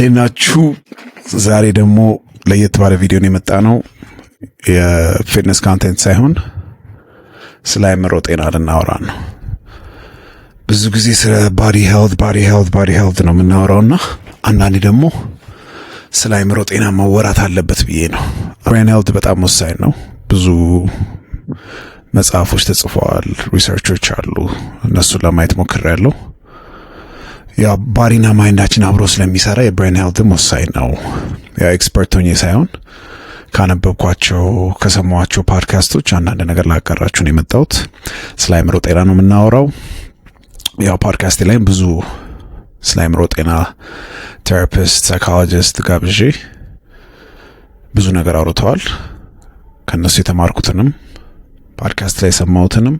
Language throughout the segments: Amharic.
እንዴት ናችሁ? ዛሬ ደግሞ ለየት ባለ ቪዲዮን የመጣ ነው። የፊትነስ ካንቴንት ሳይሆን ስለ አእምሮ ጤና ልናወራ ነው። ብዙ ጊዜ ስለ ባዲ ሄልት ባዲ ሄልት ባዲ ሄልት ነው የምናወራውና አንዳንዴ ደግሞ ስለ አእምሮ ጤና መወራት አለበት ብዬ ነው። ብሬን ሄልት በጣም ወሳኝ ነው። ብዙ መጽሐፎች ተጽፈዋል፣ ሪሰርቾች አሉ። እነሱን ለማየት ሞክሬያለሁ። ያው ባሪና ማይንዳችን አብሮ ስለሚሰራ የብሬን ሄልትም ወሳኝ ነው። ያው ኤክስፐርት ሆኜ ሳይሆን ካነበብኳቸው ከሰማኋቸው ፖድካስቶች አንዳንድ ነገር ላጋራችሁ ነው የመጣሁት። ስለ አይምሮ ጤና ነው የምናወራው። ያው ፖድካስቴ ላይም ብዙ ስለ አይምሮ ጤና ቴራፒስት፣ ሳይኮሎጂስት ጋብዤ ብዙ ነገር አውርተዋል። ከእነሱ የተማርኩትንም ፖድካስት ላይ የሰማሁትንም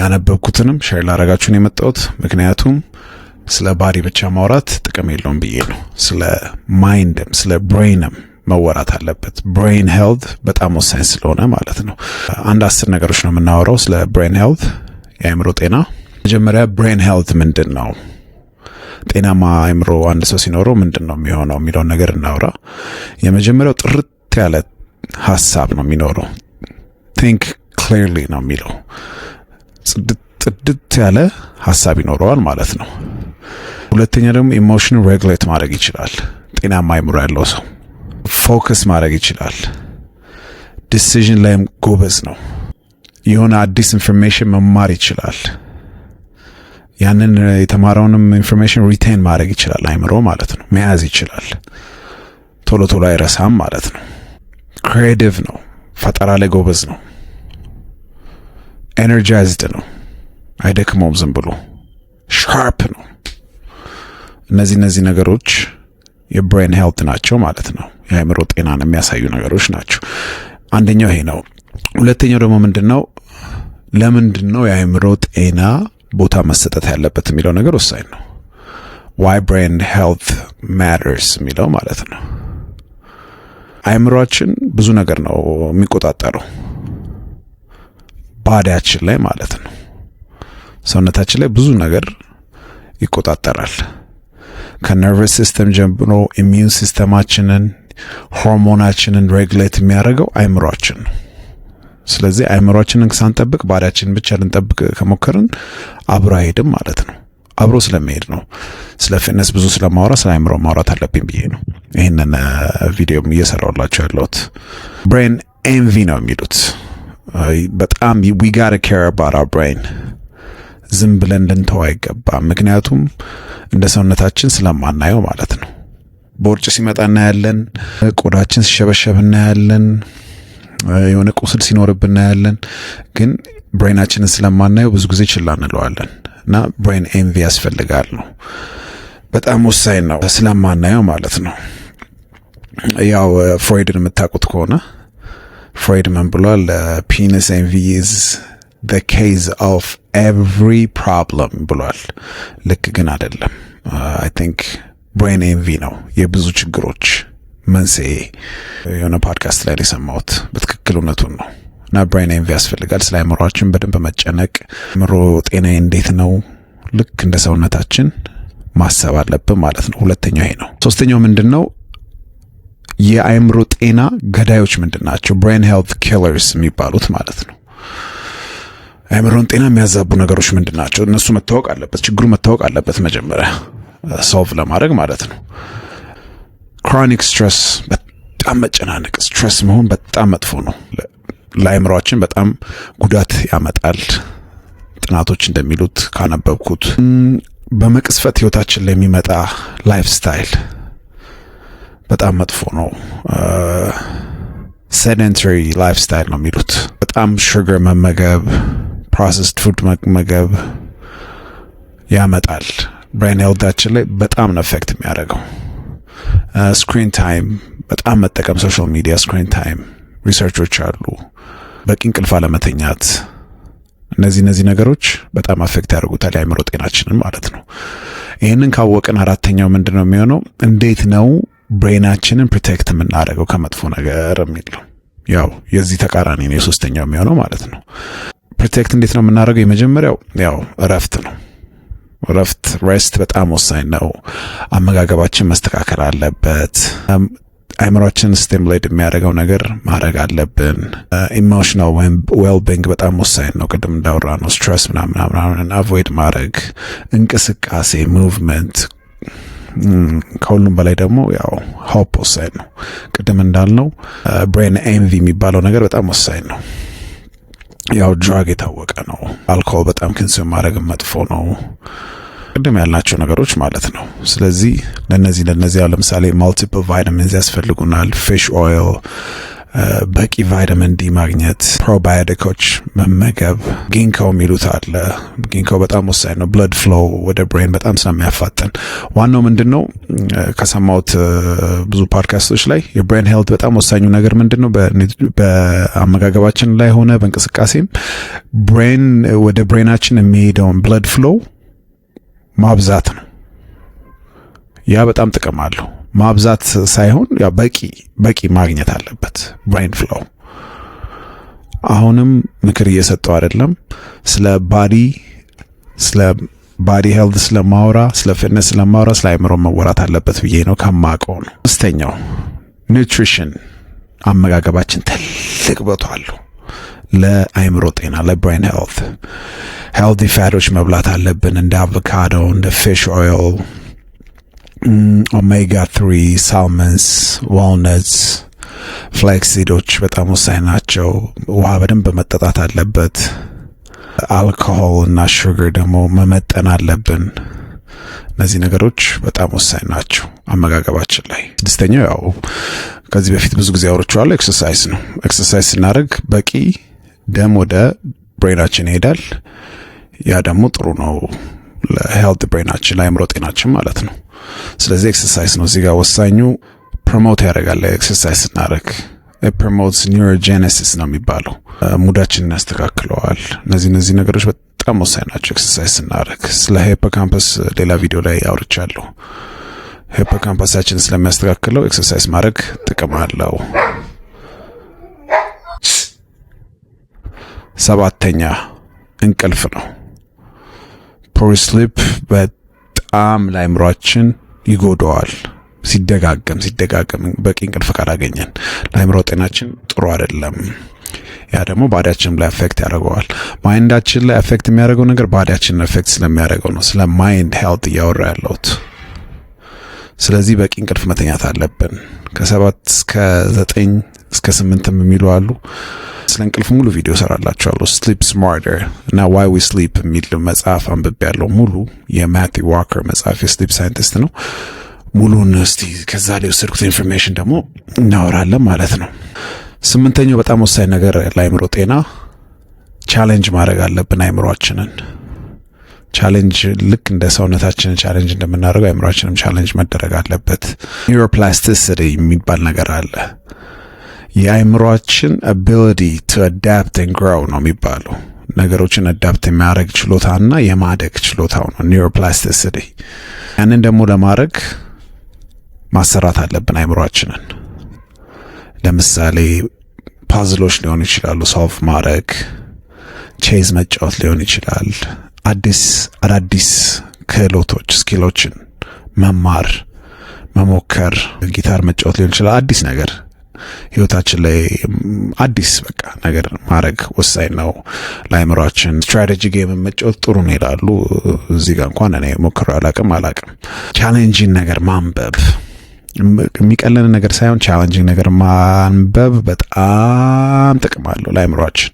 ያነበብኩትንም ሼር ላረጋችሁ ነው የመጣሁት ምክንያቱም ስለ ባዲ ብቻ ማውራት ጥቅም የለውም ብዬ ነው። ስለ ማይንድም ስለ ብሬንም መወራት አለበት። ብሬን ሄልት በጣም ወሳኝ ስለሆነ ማለት ነው። አንድ አስር ነገሮች ነው የምናወራው ስለ ብሬን ሄልት፣ የአእምሮ ጤና። መጀመሪያ ብሬን ሄልት ምንድን ነው? ጤናማ አእምሮ አንድ ሰው ሲኖረው ምንድን ነው የሚሆነው የሚለውን ነገር እናውራ። የመጀመሪያው ጥርት ያለ ሀሳብ ነው የሚኖረው። ቲንክ ክሊርሊ ነው የሚለው። ጽድት ያለ ሀሳብ ይኖረዋል ማለት ነው። ሁለተኛ ደግሞ ኢሞሽን ሬግሌት ማድረግ ይችላል። ጤናማ አይምሮ ያለው ሰው ፎከስ ማድረግ ይችላል። ዲሲዥን ላይም ጎበዝ ነው። የሆነ አዲስ ኢንፎርሜሽን መማር ይችላል። ያንን የተማረውንም ኢንፎርሜሽን ሪቴን ማድረግ ይችላል። አይምሮ ማለት ነው መያዝ ይችላል። ቶሎ ቶሎ አይረሳም ማለት ነው። ክሬቲቭ ነው። ፈጠራ ላይ ጎበዝ ነው። ኤነርጃይዝድ ነው። አይደክመውም። ዝም ብሎ ሻርፕ ነው። እነዚህ እነዚህ ነገሮች የብሬን ሄልት ናቸው ማለት ነው። የአእምሮ ጤናን የሚያሳዩ ነገሮች ናቸው። አንደኛው ይሄ ነው። ሁለተኛው ደግሞ ምንድን ነው? ለምንድን ነው የአእምሮ ጤና ቦታ መሰጠት ያለበት የሚለው ነገር ወሳኝ ነው። ዋይ ብሬን ሄልት ማተርስ የሚለው ማለት ነው። አእምሯችን ብዙ ነገር ነው የሚቆጣጠረው ባዲያችን ላይ ማለት ነው። ሰውነታችን ላይ ብዙ ነገር ይቆጣጠራል። ከነርቨስ ሲስተም ጀምሮ ኢሚዩን ሲስተማችንን ሆርሞናችንን ሬጉሌት የሚያደርገው አይምሯችን ነው። ስለዚህ አይምሯችንን ሳንጠብቅ ባዳችንን ብቻ ልንጠብቅ ከሞከርን አብሮ አይሄድም ማለት ነው። አብሮ ስለመሄድ ነው። ስለ ፊትነስ ብዙ ስለማውራ ስለ አይምሮ ማውራት አለብኝ ብዬ ነው ይህንን ቪዲዮም እየሰራሁላቸው ያለሁት። ብሬን ኤንቪ ነው የሚሉት በጣም ዊ ጋር ኬር አባውት አወር ብሬን ዝም ብለን ልንተው አይገባም። ምክንያቱም እንደ ሰውነታችን ስለማናየው ማለት ነው። በውርጭ ሲመጣ እናያለን። ቆዳችን ሲሸበሸብ እናያለን። የሆነ ቁስል ሲኖርብ እናያለን። ግን ብሬናችንን ስለማናየው ብዙ ጊዜ ችላ እንለዋለን እና ብሬን ኤንቪ ያስፈልጋል ነው። በጣም ወሳኝ ነው ስለማናየው ማለት ነው። ያው ፍሮይድን የምታውቁት ከሆነ ፍሮይድ ምን ብሏል? ፒንስ ኤንቪ ኢዝ the case of ኤቭሪ ፕሮብለም ብሏል። ልክ ግን አይደለም። አይ ቲንክ ብሬን ኤንቪ ነው የብዙ ችግሮች መንስኤ። የሆነ ፖድካስት ላይ የሰማሁት በትክክል እውነቱን ነው። እና ብሬን ኤንቪ ያስፈልጋል። ስለ አእምሯችን በደንብ መጨነቅ፣ አእምሮ ጤና እንዴት ነው፣ ልክ እንደ ሰውነታችን ማሰብ አለብን ማለት ነው። ሁለተኛው ይሄ ነው። ሶስተኛው ምንድን ነው? የአእምሮ ጤና ገዳዮች ምንድን ናቸው? ብሬን ሄልት ኪለርስ የሚባሉት ማለት ነው። አእምሮን ጤና የሚያዛቡ ነገሮች ምንድን ናቸው? እነሱ መታወቅ አለበት። ችግሩ መታወቅ አለበት መጀመሪያ ሶልቭ ለማድረግ ማለት ነው። ክሮኒክ ስትረስ፣ በጣም መጨናነቅ፣ ስትረስ መሆን በጣም መጥፎ ነው። ለአእምሯችን በጣም ጉዳት ያመጣል። ጥናቶች እንደሚሉት ካነበብኩት በመቅስፈት ህይወታችን ላይ የሚመጣ ላይፍ ስታይል በጣም መጥፎ ነው። ሴደንተሪ ላይፍ ስታይል ነው የሚሉት በጣም ሹገር መመገብ ፕሮሰስድ ፉድ መመገብ ያመጣል። ብሬን ሄልታችን ላይ በጣም ነው ኤፌክት የሚያደርገው። ስክሪን ታይም በጣም መጠቀም፣ ሶሻል ሚዲያ ስክሪን ታይም ሪሰርቾች አሉ። በቂ እንቅልፍ አለመተኛት፣ እነዚህ እነዚህ ነገሮች በጣም አፌክት ያደርጉታል የአእምሮ ጤናችንን ማለት ነው። ይህንን ካወቅን አራተኛው ምንድን ነው የሚሆነው? እንዴት ነው ብሬናችንን ፕሮቴክት የምናደርገው ከመጥፎ ነገር የሚል ነው። ያው የዚህ ተቃራኒ ነው የሶስተኛው የሚሆነው ማለት ነው። ፕሮቴክት እንዴት ነው የምናደርገው? የመጀመሪያው ያው እረፍት ነው። እረፍት ሬስት በጣም ወሳኝ ነው። አመጋገባችን መስተካከል አለበት። አይምሮችን ስቲሙሌት የሚያደርገው ነገር ማድረግ አለብን። ኢሞሽናል ወይም ዌልቢንግ በጣም ወሳኝ ነው። ቅድም እንዳወራ ነው ስትረስ ምናምናምናምን አቮይድ ማድረግ፣ እንቅስቃሴ፣ ሙቭመንት። ከሁሉም በላይ ደግሞ ያው ሆፕ ወሳኝ ነው። ቅድም እንዳልነው ብሬን ኤንቪ የሚባለው ነገር በጣም ወሳኝ ነው። ያው ድራግ የታወቀ ነው። አልኮል በጣም ክንስም ማድረግ መጥፎ ነው። ቅድም ያልናቸው ነገሮች ማለት ነው። ስለዚህ ለነዚህ ለነዚህ ለምሳሌ ማልቲፕል ቫይታሚንስ ያስፈልጉናል። ፊሽ ኦይል በቂ ቫይታሚን ዲ ማግኘት፣ ፕሮባዮቲኮች መመገብ፣ ጊንኮ የሚሉት አለ። ጊንኮ በጣም ወሳኝ ነው፣ ብለድ ፍሎ ወደ ብሬን በጣም ስለሚያፋጥን። ዋናው ምንድን ነው ከሰማሁት ብዙ ፖድካስቶች ላይ የብሬን ሄልት በጣም ወሳኙ ነገር ምንድን ነው፣ በአመጋገባችን ላይ ሆነ በእንቅስቃሴም ብሬን ወደ ብሬናችን የሚሄደውን ብለድ ፍሎ ማብዛት ነው። ያ በጣም ጥቅም አለው። ማብዛት ሳይሆን ያው በቂ በቂ ማግኘት አለበት ብሬን ፍሎው። አሁንም ምክር እየሰጠው አይደለም። ስለ ባዲ ስለ ባዲ ሄልት ስለማውራ ስለ ፊትነስ ስለማውራ ስለ አይምሮ መወራት አለበት ብዬ ነው ከማቀው ነው። አምስተኛው ኒውትሪሽን አመጋገባችን ትልቅ ቦታ አለው ለአይምሮ ጤና ለብሬን ሄልት ሄልቲ ፋቶች መብላት አለብን እንደ አቮካዶ እንደ ፊሽ ኦይል ኦሜጋ ትሪ ሳልመንስ፣ ዋልነትስ፣ ፍሌክሲዶች በጣም ወሳኝ ናቸው። ውሃ በደንብ መጠጣት አለበት። አልኮሆል እና ሹገር ደግሞ መመጠን አለብን። እነዚህ ነገሮች በጣም ወሳኝ ናቸው አመጋገባችን ላይ። ስድስተኛው ያው ከዚህ በፊት ብዙ ጊዜ አውርቼዋለሁ ኤክሰርሳይዝ ነው። ኤክሰርሳይዝ ስናደርግ በቂ ደም ወደ ብሬናችን ይሄዳል። ያ ደግሞ ጥሩ ነው ለሄልት ብሬናችን ለአእምሮ ጤናችን ማለት ነው። ስለዚህ ኤክሰርሳይስ ነው እዚጋ ወሳኙ። ፕሮሞት ያደርጋል ኤክሰርሳይስ ስናደርግ ፕሮሞትስ ኒውሮጀነሲስ ነው የሚባለው። ሙዳችንን ያስተካክለዋል። እነዚህ እነዚህ ነገሮች በጣም ወሳኝ ናቸው ኤክሰርሳይዝ ስናደርግ። ስለ ሂፖካምፐስ ሌላ ቪዲዮ ላይ አውርቻለሁ። ሂፖካምፐሳችን ስለሚያስተካክለው ኤክሰርሳይዝ ማድረግ ጥቅም አለው። ሰባተኛ እንቅልፍ ነው። ፖሪ ስሊፕ በጣም ለአይምሯችን ይጎደዋል ሲደጋገም ሲደጋገም በቂ እንቅልፍ ካላገኘን ለአይምሮ ጤናችን ጥሩ አይደለም። ያ ደግሞ ባዲያችንም ላይ አፌክት ያደርገዋል። ማይንዳችን ላይ አፌክት የሚያደርገው ነገር ባዲያችንን አፌክት ስለሚያደርገው ነው ስለ ማይንድ ሄልት እያወራ ያለሁት። ስለዚህ በቂ እንቅልፍ መተኛት አለብን። ከሰባት እስከ ዘጠኝ እስከ ስምንትም የሚሉ አሉ። ስለ እንቅልፍ ሙሉ ቪዲዮ ሰራላችኋለሁ። ስሊፕ ስማርተር እና ዋይ ዊ ስሊፕ የሚል መጽሐፍ አንብቤ ያለው ሙሉ የማቲ ዋከር መጽሐፍ የስሊፕ ሳይንቲስት ነው። ሙሉን እስቲ ከዛ ላይ ወሰድኩት ኢንፎርሜሽን ደግሞ እናወራለን ማለት ነው። ስምንተኛው በጣም ወሳኝ ነገር ለአይምሮ ጤና ቻሌንጅ ማድረግ አለብን። አይምሯችንን ቻሌንጅ ልክ እንደ ሰውነታችንን ቻሌንጅ እንደምናደርገው አይምሮችንም ቻሌንጅ መደረግ አለበት። ኒውሮፕላስቲሲቲ የሚባል ነገር አለ። የአይምሯችን አቢሊቲ ቱ አዳፕት ኤንድ ግሮው ነው የሚባለው ነገሮችን አዳፕት የሚያደርግ ችሎታና የማደግ ችሎታው ነው ኒውሮፕላስቲሲቲ። ያንን ደግሞ ለማድረግ ማሰራት አለብን አይምሯችንን። ለምሳሌ ፓዝሎች ሊሆኑ ይችላሉ ሶልቭ ማድረግ፣ ቼዝ መጫወት ሊሆን ይችላል። አዲስ አዳዲስ ክህሎቶች ስኪሎችን መማር፣ መሞከር፣ ጊታር መጫወት ሊሆን ይችላል። አዲስ ነገር ህይወታችን ላይ አዲስ በቃ ነገር ማድረግ ወሳኝ ነው ለአይምሯችን። ስትራቴጂ ጌም መጫወት ጥሩ ነው ይላሉ። እዚህ ጋር እንኳን እኔ ሞክሬ አላቅም አላቅም። ቻሌንጂን ነገር ማንበብ የሚቀለን ነገር ሳይሆን ቻለንጂንግ ነገር ማንበብ በጣም ጥቅም አለው ለአእምሯችን።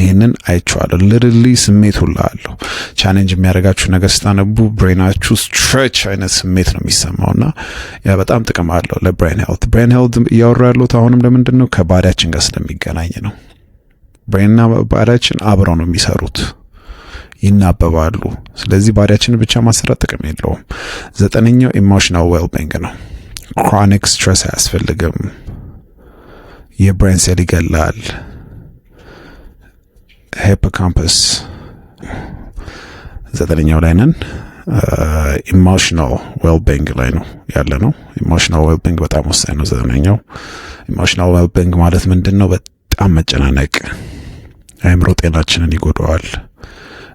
ይህንን አይቼዋለሁ። ልድሊ ስሜት ሁላ አለው። ቻለንጅ የሚያደርጋችሁ ነገር ስታነቡ ብሬናችሁ ስትሬች አይነት ስሜት ነው የሚሰማውና ያ በጣም ጥቅም አለው ለብሬን ሄልት። ብሬን ሄልት እያወሩ ያለሁት አሁንም ለምንድን ነው ከባዳችን ጋር ስለሚገናኝ ነው። ብሬንና ባዳችን አብረው ነው የሚሰሩት ይናበባሉ። ስለዚህ ባዳችንን ብቻ ማሰራት ጥቅም የለውም። ዘጠነኛው ኢሞሽናል ዌልቢንግ ነው። ክሮኒክ ስትረስ አያስፈልግም። የብሬን ሴል ይገላል። ሂፖካምፐስ ዘጠነኛው ላይ ነን። ኢሞሽናል uh, ዌልቢንግ ላይ ነው ያለ ነው። ኢሞሽናል ዌልቢንግ በጣም ወሳኝ ነው። ዘጠነኛው ኢሞሽናል ዌልቢንግ ማለት ምንድን ነው? በጣም መጨናነቅ አእምሮ ጤናችንን ይጎዳዋል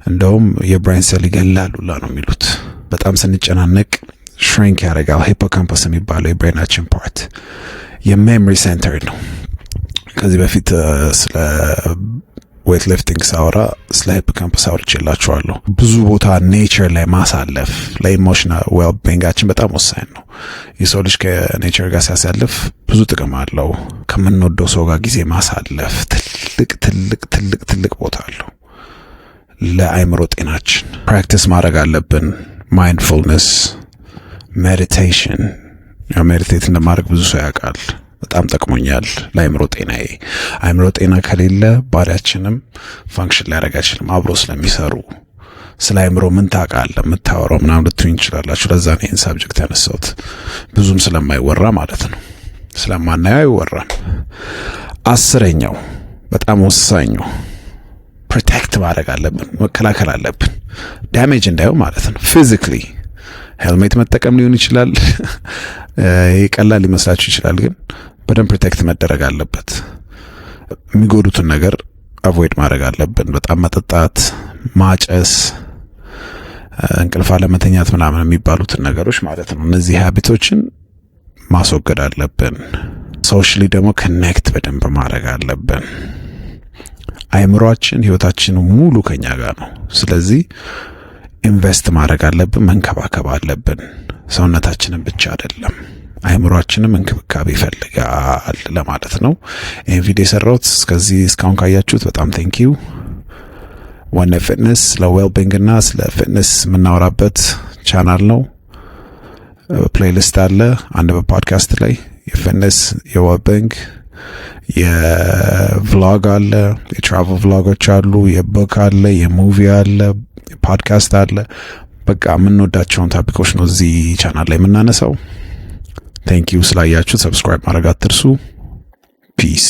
እንደውም የብሬን ሴል ይገላል ሁላ ነው የሚሉት። በጣም ስንጨናነቅ ሽሪንክ ያደርጋል። ሂፖካምፐስ የሚባለው የብሬናችን ፓርት የሜሞሪ ሴንተር ነው። ከዚህ በፊት ስለ ዌት ሊፍቲንግ ሳውራ ስለ ሂፖካምፐስ አውርቼላችኋለሁ። ብዙ ቦታ ኔቸር ላይ ማሳለፍ ለኢሞሽናል ዌልቢንጋችን በጣም ወሳኝ ነው። የሰው ልጅ ከኔቸር ጋር ሲያሳልፍ ብዙ ጥቅም አለው። ከምንወደው ሰው ጋር ጊዜ ማሳለፍ ትልቅ ትልቅ ትልቅ ትልቅ ቦታ አለው። ለአእምሮ ጤናችን ፕራክቲስ ማድረግ አለብን ማይንድፉልነስ ሜዲቴሽን ያው ሜዲቴት እንደማድረግ ብዙ ሰው ያውቃል። በጣም ጠቅሞኛል ለአይምሮ ጤናዬ። አይምሮ ጤና ከሌለ ባዳችንም ፋንክሽን ሊያደርግ አይችልም። አብሮ ስለሚሰሩ ስለ አእምሮ ምን ታውቃለህ የምታወራው ምናምን ልትሆኝ ይችላላችሁ። ለዛ ነው ይህን ሳብጀክት ያነሳሁት። ብዙም ስለማይወራ ማለት ነው፣ ስለማናየው አይወራም። አስረኛው በጣም ወሳኙ ፕሮቴክት ማድረግ አለብን፣ መከላከል አለብን፣ ዳሜጅ እንዳየው ማለት ነው ፊዚክሊ ሄልሜት መጠቀም ሊሆን ይችላል። ይህ ቀላል ሊመስላችሁ ይችላል፣ ግን በደንብ ፕሮቴክት መደረግ አለበት። የሚጎዱትን ነገር አቮይድ ማድረግ አለብን። በጣም መጠጣት፣ ማጨስ፣ እንቅልፍ አለመተኛት ምናምን የሚባሉትን ነገሮች ማለት ነው። እነዚህ ሀቢቶችን ማስወገድ አለብን። ሶሻሊ ደግሞ ኮኔክት በደንብ ማድረግ አለብን። አይምሯችን ህይወታችን ሙሉ ከኛ ጋር ነው። ስለዚህ ኢንቨስት ማድረግ አለብን፣ መንከባከብ አለብን። ሰውነታችንን ብቻ አይደለም አይምሯችንም እንክብካቤ ይፈልጋል ለማለት ነው። ይህን ቪዲዮ የሰራሁት እስከዚህ እስካሁን ካያችሁት በጣም ዩ። ዋነ ፊትነስ ስለ ዌልቢንግ እና ስለ ፊትነስ የምናወራበት ቻናል ነው። ፕሌይሊስት አለ አንድ በፖድካስት ላይ የፊትነስ የዌልቢንግ የቭሎግ አለ፣ የትራቨል ቭሎጎች አሉ፣ የቡክ አለ፣ የሙቪ አለ፣ ፖድካስት አለ። በቃ የምንወዳቸውን ታፒኮች ነው እዚህ ቻናል ላይ የምናነሳው። ዩ ስላያችሁ ሰብስክራይብ ማድረግ አትርሱ። ፒስ